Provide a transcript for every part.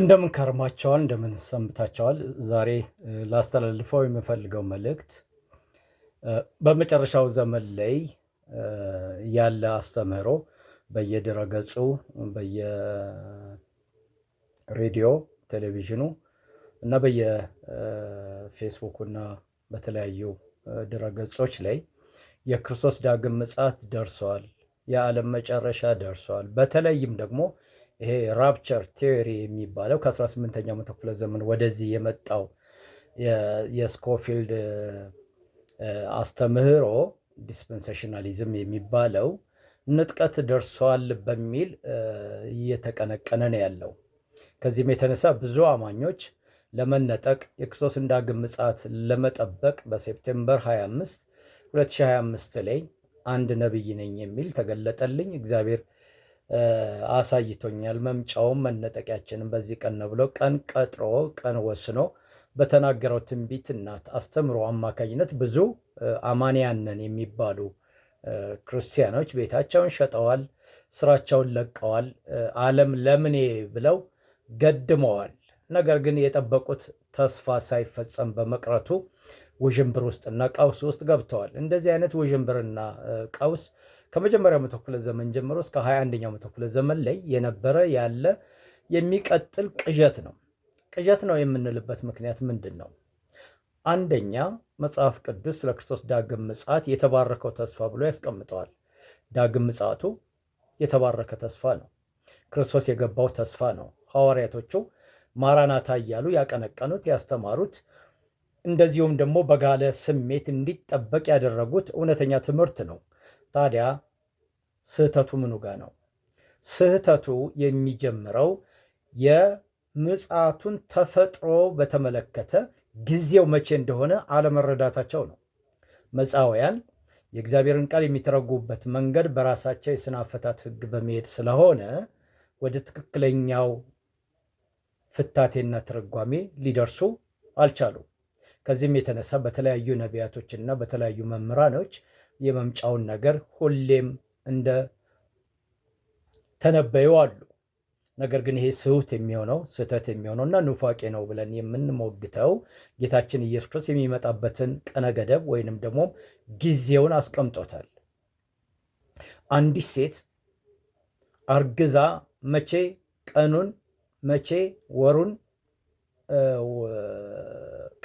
እንደምን ከርማቸዋል፣ እንደምን ሰንብታቸዋል። ዛሬ ላስተላልፈው የምፈልገው መልእክት በመጨረሻው ዘመን ላይ ያለ አስተምህሮ በየድረገጹ፣ በየሬዲዮ ቴሌቪዥኑ እና በየፌስቡኩ እና በተለያዩ ድረገጾች ላይ የክርስቶስ ዳግም ምጽአት ደርሷል፣ የዓለም መጨረሻ ደርሷል፣ በተለይም ደግሞ ይሄ ራፕቸር ቴዎሪ የሚባለው ከ18ኛው መቶ ክፍለ ዘመን ወደዚህ የመጣው የስኮፊልድ አስተምህሮ ዲስፐንሴሽናሊዝም የሚባለው ንጥቀት ደርሷል በሚል እየተቀነቀነ ነው ያለው። ከዚህም የተነሳ ብዙ አማኞች ለመነጠቅ የክርስቶስን ዳግም ምጽአት ለመጠበቅ በሴፕቴምበር 25 2025 ላይ አንድ ነቢይ ነኝ የሚል ተገለጠልኝ እግዚአብሔር አሳይቶኛል። መምጫውም መነጠቂያችንም በዚህ ቀን ነው ብሎ ቀን ቀጥሮ ቀን ወስኖ በተናገረው ትንቢት አስተምሮ አማካኝነት ብዙ አማንያንን የሚባሉ ክርስቲያኖች ቤታቸውን ሸጠዋል፣ ስራቸውን ለቀዋል፣ ዓለም ለምኔ ብለው ገድመዋል። ነገር ግን የጠበቁት ተስፋ ሳይፈጸም በመቅረቱ ውዥንብር ውስጥና ቀውስ ውስጥ ገብተዋል። እንደዚህ አይነት ውዥንብርና ቀውስ ከመጀመሪያው መቶ ክፍለ ዘመን ጀምሮ እስከ 21ኛው መቶ ክፍለ ዘመን ላይ የነበረ ያለ የሚቀጥል ቅዠት ነው። ቅዠት ነው የምንልበት ምክንያት ምንድን ነው? አንደኛ መጽሐፍ ቅዱስ ስለ ክርስቶስ ዳግም ምጽአት የተባረከው ተስፋ ብሎ ያስቀምጠዋል። ዳግም ምጽአቱ የተባረከ ተስፋ ነው። ክርስቶስ የገባው ተስፋ ነው። ሐዋርያቶቹ ማራናታ እያሉ ያቀነቀኑት ያስተማሩት፣ እንደዚሁም ደግሞ በጋለ ስሜት እንዲጠበቅ ያደረጉት እውነተኛ ትምህርት ነው። ታዲያ ስህተቱ ምኑ ጋ ነው? ስህተቱ የሚጀምረው የምጽአቱን ተፈጥሮ በተመለከተ ጊዜው መቼ እንደሆነ አለመረዳታቸው ነው። መጻውያን የእግዚአብሔርን ቃል የሚተረጉበት መንገድ በራሳቸው የስነ አፈታት ሕግ በመሄድ ስለሆነ ወደ ትክክለኛው ፍታቴና ትርጓሜ ሊደርሱ አልቻሉ። ከዚህም የተነሳ በተለያዩ ነቢያቶችና በተለያዩ መምህራኖች የመምጫውን ነገር ሁሌም እንደ ተነበዩ አሉ። ነገር ግን ይሄ ስሁት የሚሆነው ስህተት የሚሆነው እና ኑፋቄ ነው ብለን የምንሞግተው ጌታችን ኢየሱስ ክርስቶስ የሚመጣበትን ቀነ ገደብ ወይንም ደግሞ ጊዜውን አስቀምጦታል። አንዲት ሴት አርግዛ መቼ ቀኑን መቼ ወሩን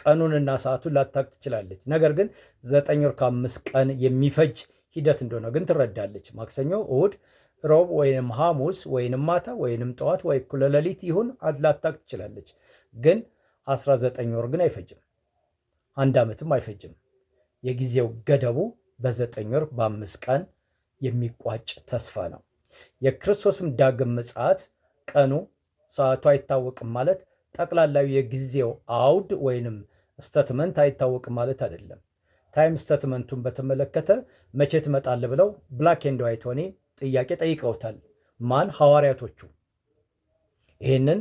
ቀኑንና ሰዓቱን ላታቅ ትችላለች። ነገር ግን ዘጠኝ ወር ከአምስት ቀን የሚፈጅ ሂደት እንደሆነ ግን ትረዳለች። ማክሰኞ፣ እሁድ፣ ሮብ ወይንም ሐሙስ ወይንም ማታ ወይንም ጠዋት ወይ እኩለ ሌሊት ይሁን ላታቅ ትችላለች። ግን 19 ወር ግን አይፈጅም፣ አንድ ዓመትም አይፈጅም። የጊዜው ገደቡ በዘጠኝ ወር በአምስት ቀን የሚቋጭ ተስፋ ነው። የክርስቶስም ዳግም ምጽአት ቀኑ ሰዓቱ አይታወቅም ማለት ጠቅላላዊ የጊዜው አውድ ወይንም ስተትመንት አይታወቅም ማለት አይደለም። ታይም ስተትመንቱን በተመለከተ መቼ ትመጣል ብለው ብላክ ኤንድ ዋይት ሆኔ ጥያቄ ጠይቀውታል። ማን? ሐዋርያቶቹ። ይህንን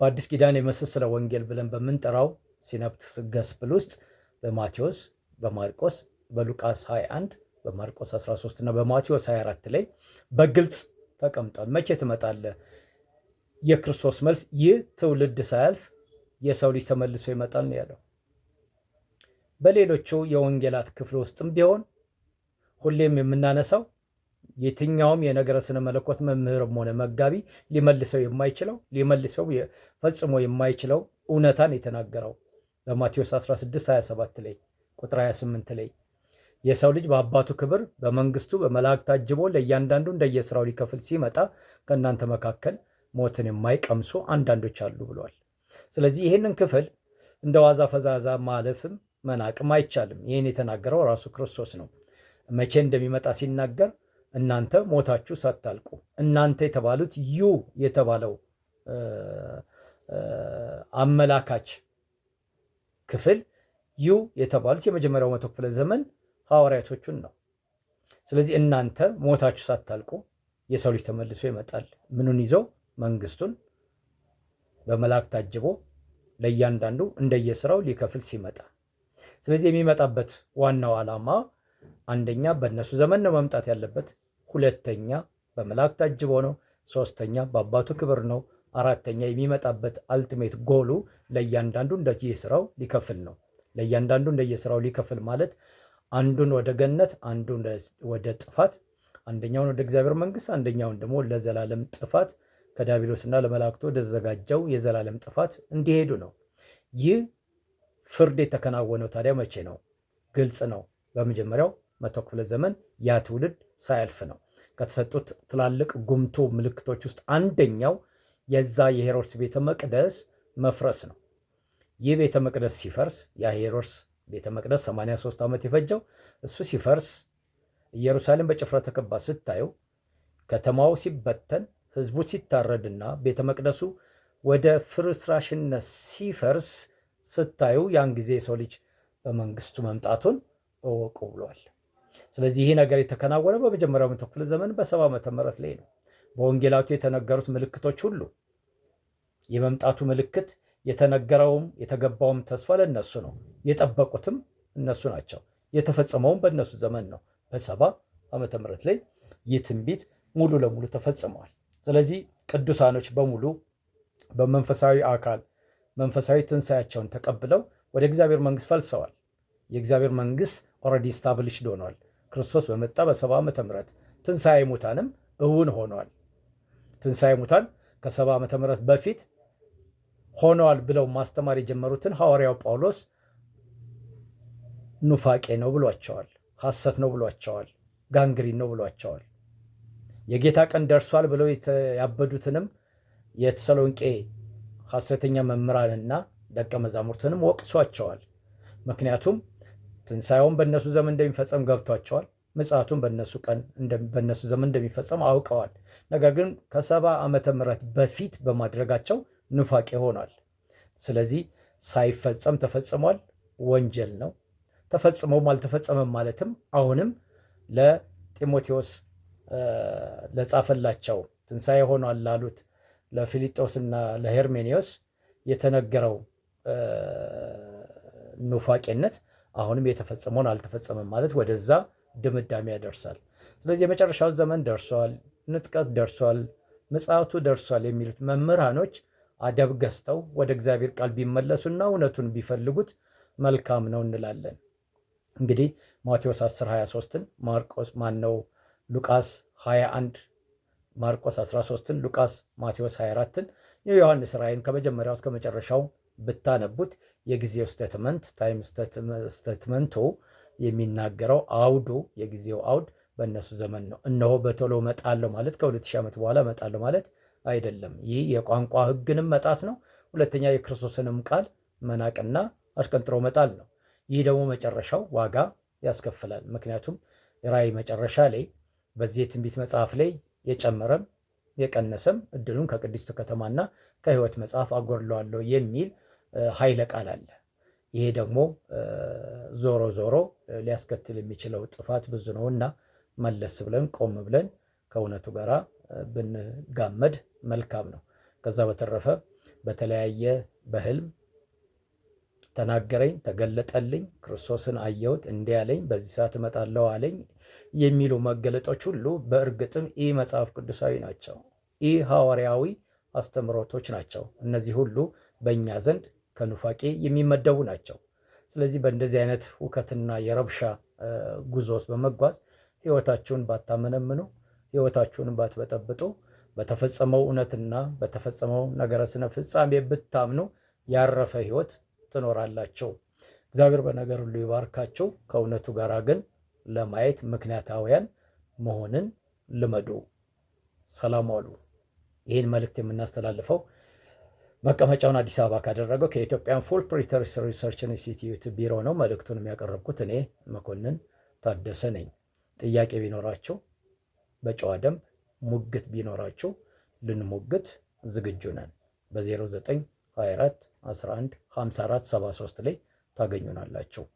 በአዲስ ኪዳን የመሰስለ ወንጌል ብለን በምንጠራው ሲነፕትስ ገስፕል ውስጥ በማቴዎስ በማርቆስ በሉቃስ 21 በማርቆስ 13 እና በማቴዎስ 24 ላይ በግልጽ ተቀምጧል። መቼ ትመጣለህ የክርስቶስ መልስ ይህ ትውልድ ሳያልፍ የሰው ልጅ ተመልሶ ይመጣል ነው ያለው። በሌሎቹ የወንጌላት ክፍል ውስጥም ቢሆን ሁሌም የምናነሳው የትኛውም የነገረ ስነ መለኮት መምህርም ሆነ መጋቢ ሊመልሰው የማይችለው ሊመልሰው ፈጽሞ የማይችለው እውነታን የተናገረው በማቴዎስ 16 27 ላይ ቁጥር 28 ላይ የሰው ልጅ በአባቱ ክብር በመንግስቱ በመላእክት አጅቦ ለእያንዳንዱ እንደየስራው ሊከፍል ሲመጣ ከእናንተ መካከል ሞትን የማይቀምሱ አንዳንዶች አሉ ብሏል። ስለዚህ ይህንን ክፍል እንደ ዋዛ ፈዛዛ ማለፍም መናቅም አይቻልም። ይህን የተናገረው ራሱ ክርስቶስ ነው። መቼ እንደሚመጣ ሲናገር እናንተ ሞታችሁ ሳታልቁ እናንተ የተባሉት ዩ የተባለው አመላካች ክፍል ዩ የተባሉት የመጀመሪያው መቶ ክፍለ ዘመን ሐዋርያቶቹን ነው። ስለዚህ እናንተ ሞታችሁ ሳታልቁ የሰው ልጅ ተመልሶ ይመጣል። ምኑን ይዘው መንግስቱን በመላክ ታጅቦ ለእያንዳንዱ እንደየስራው ሊከፍል ሲመጣ፣ ስለዚህ የሚመጣበት ዋናው ዓላማ አንደኛ በእነሱ ዘመን ነው መምጣት ያለበት፣ ሁለተኛ በመላክ ታጅቦ ነው፣ ሶስተኛ በአባቱ ክብር ነው፣ አራተኛ የሚመጣበት አልቲሜት ጎሉ ለእያንዳንዱ እንደየስራው ሊከፍል ነው። ለእያንዳንዱ እንደየስራው ሊከፍል ማለት አንዱን ወደ ገነት፣ አንዱን ወደ ጥፋት፣ አንደኛውን ወደ እግዚአብሔር መንግስት፣ አንደኛውን ደግሞ ለዘላለም ጥፋት ከዲያብሎስና ለመላእክቱ ወደተዘጋጀው የዘላለም ጥፋት እንዲሄዱ ነው። ይህ ፍርድ የተከናወነው ታዲያ መቼ ነው? ግልጽ ነው። በመጀመሪያው መቶ ክፍለ ዘመን ያ ትውልድ ሳያልፍ ነው። ከተሰጡት ትላልቅ ጉምቱ ምልክቶች ውስጥ አንደኛው የዛ የሄሮድስ ቤተ መቅደስ መፍረስ ነው። ይህ ቤተ መቅደስ ሲፈርስ ያ ሄሮድስ ቤተ መቅደስ 83 ዓመት የፈጀው እሱ ሲፈርስ ኢየሩሳሌም በጭፍራ ተከባ ስታዩ ከተማው ሲበተን ህዝቡ ሲታረድና ቤተ መቅደሱ ወደ ፍርስራሽነት ሲፈርስ ስታዩ ያን ጊዜ የሰው ልጅ በመንግስቱ መምጣቱን እወቁ ብሏል። ስለዚህ ይህ ነገር የተከናወነ በመጀመሪያው መቶ ክፍለ ዘመን በሰባ ዓመተ ምህረት ላይ ነው። በወንጌላቱ የተነገሩት ምልክቶች ሁሉ የመምጣቱ ምልክት የተነገረውም የተገባውም ተስፋ ለእነሱ ነው። የጠበቁትም እነሱ ናቸው። የተፈጸመውም በእነሱ ዘመን ነው። በሰባ ዓመተ ምህረት ላይ ይህ ትንቢት ሙሉ ለሙሉ ተፈጽመዋል። ስለዚህ ቅዱሳኖች በሙሉ በመንፈሳዊ አካል መንፈሳዊ ትንሳያቸውን ተቀብለው ወደ እግዚአብሔር መንግስት ፈልሰዋል። የእግዚአብሔር መንግስት ኦልሬዲ ስታብሊሽድ ሆኗል። ክርስቶስ በመጣ በሰባ ዓመተ ምህረት ትንሣኤ ሙታንም እውን ሆኗል። ትንሣኤ ሙታን ከሰባ ዓመተ ምህረት በፊት ሆነዋል ብለው ማስተማር የጀመሩትን ሐዋርያው ጳውሎስ ኑፋቄ ነው ብሏቸዋል። ሐሰት ነው ብሏቸዋል። ጋንግሪን ነው ብሏቸዋል። የጌታ ቀን ደርሷል ብለው ያበዱትንም የተሰሎንቄ ሐሰተኛ መምህራንና ደቀ መዛሙርትንም ወቅሷቸዋል። ምክንያቱም ትንሣኤውን በእነሱ ዘመን እንደሚፈጸም ገብቷቸዋል። ምጽአቱን በእነሱ ቀን በእነሱ ዘመን እንደሚፈጸም አውቀዋል። ነገር ግን ከሰባ ዓመተ ምህረት በፊት በማድረጋቸው ንፋቄ ሆኗል። ስለዚህ ሳይፈጸም ተፈጽሟል፣ ወንጀል ነው። ተፈጽመውም አልተፈጸመም ማለትም አሁንም ለጢሞቴዎስ ለጻፈላቸው ትንሣኤ ሆኗል ላሉት ለፊሊጦስና ለሄርሜኒዎስ የተነገረው ኑፋቄነት አሁንም የተፈጸመውን አልተፈጸመም ማለት ወደዛ ድምዳሜ ያደርሳል። ስለዚህ የመጨረሻው ዘመን ደርሷል፣ ንጥቀት ደርሷል፣ ምጽአቱ ደርሷል የሚሉት መምህራኖች አደብ ገዝተው ወደ እግዚአብሔር ቃል ቢመለሱና እውነቱን ቢፈልጉት መልካም ነው እንላለን። እንግዲህ ማቴዎስ 10 23ን ማርቆስ ማነው ሉቃስ 21 ማርቆስ 13ን ሉቃስ ማቴዎስ 24ን የዮሐንስ ራእይን ከመጀመሪያው እስከ መጨረሻው ብታነቡት የጊዜው ስተትመንት ታይም ስተትመንቶ የሚናገረው አውዱ የጊዜው አውድ በእነሱ ዘመን ነው። እነሆ በቶሎ እመጣለሁ ማለት ከ ሺህ ዓመት በኋላ እመጣለሁ ማለት አይደለም። ይህ የቋንቋ ሕግንም መጣስ ነው። ሁለተኛ የክርስቶስንም ቃል መናቅና አሽቀንጥሮ መጣል ነው። ይህ ደግሞ መጨረሻው ዋጋ ያስከፍላል። ምክንያቱም ራእይ መጨረሻ ላይ በዚህ የትንቢት መጽሐፍ ላይ የጨመረም የቀነሰም እድሉን ከቅድስት ከተማና ከሕይወት መጽሐፍ አጎድለዋለሁ የሚል ኃይለ ቃል አለ። ይሄ ደግሞ ዞሮ ዞሮ ሊያስከትል የሚችለው ጥፋት ብዙ ነውና መለስ ብለን ቆም ብለን ከእውነቱ ጋር ብንጋመድ መልካም ነው። ከዛ በተረፈ በተለያየ በህልም ተናገረኝ፣ ተገለጠልኝ፣ ክርስቶስን አየሁት፣ እንዲህ አለኝ፣ በዚህ ሰዓት እመጣለሁ አለኝ የሚሉ መገለጦች ሁሉ በእርግጥም ኢ መጽሐፍ ቅዱሳዊ ናቸው፣ ኢ ሐዋርያዊ አስተምሮቶች ናቸው። እነዚህ ሁሉ በእኛ ዘንድ ከኑፋቄ የሚመደቡ ናቸው። ስለዚህ በእንደዚህ አይነት ሁከትና የረብሻ ጉዞ ውስጥ በመጓዝ ህይወታችሁን ባታመነምኑ፣ ህይወታችሁን ባትበጠብጡ፣ በተፈጸመው እውነትና በተፈጸመው ነገረ ስነ ፍጻሜ ብታምኑ ያረፈ ህይወት ትኖራላቸው። እግዚአብሔር በነገር ሁሉ ይባርካቸው። ከእውነቱ ጋር ግን ለማየት ምክንያታውያን መሆንን ልመዱ። ሰላም ዋሉ። ይህን መልእክት የምናስተላልፈው መቀመጫውን አዲስ አበባ ካደረገው ከኢትዮጵያን ፉል ፕሪተርስ ሪሰርች ኢንስቲትዩት ቢሮ ነው። መልእክቱን የሚያቀረብኩት እኔ መኮንን ታደሰ ነኝ። ጥያቄ ቢኖራችሁ በጨዋ ደንብ ሙግት ቢኖራችሁ ልንሞግት ዝግጁ ነን። በ09 24 11 54 73 ላይ ታገኙናላችሁ።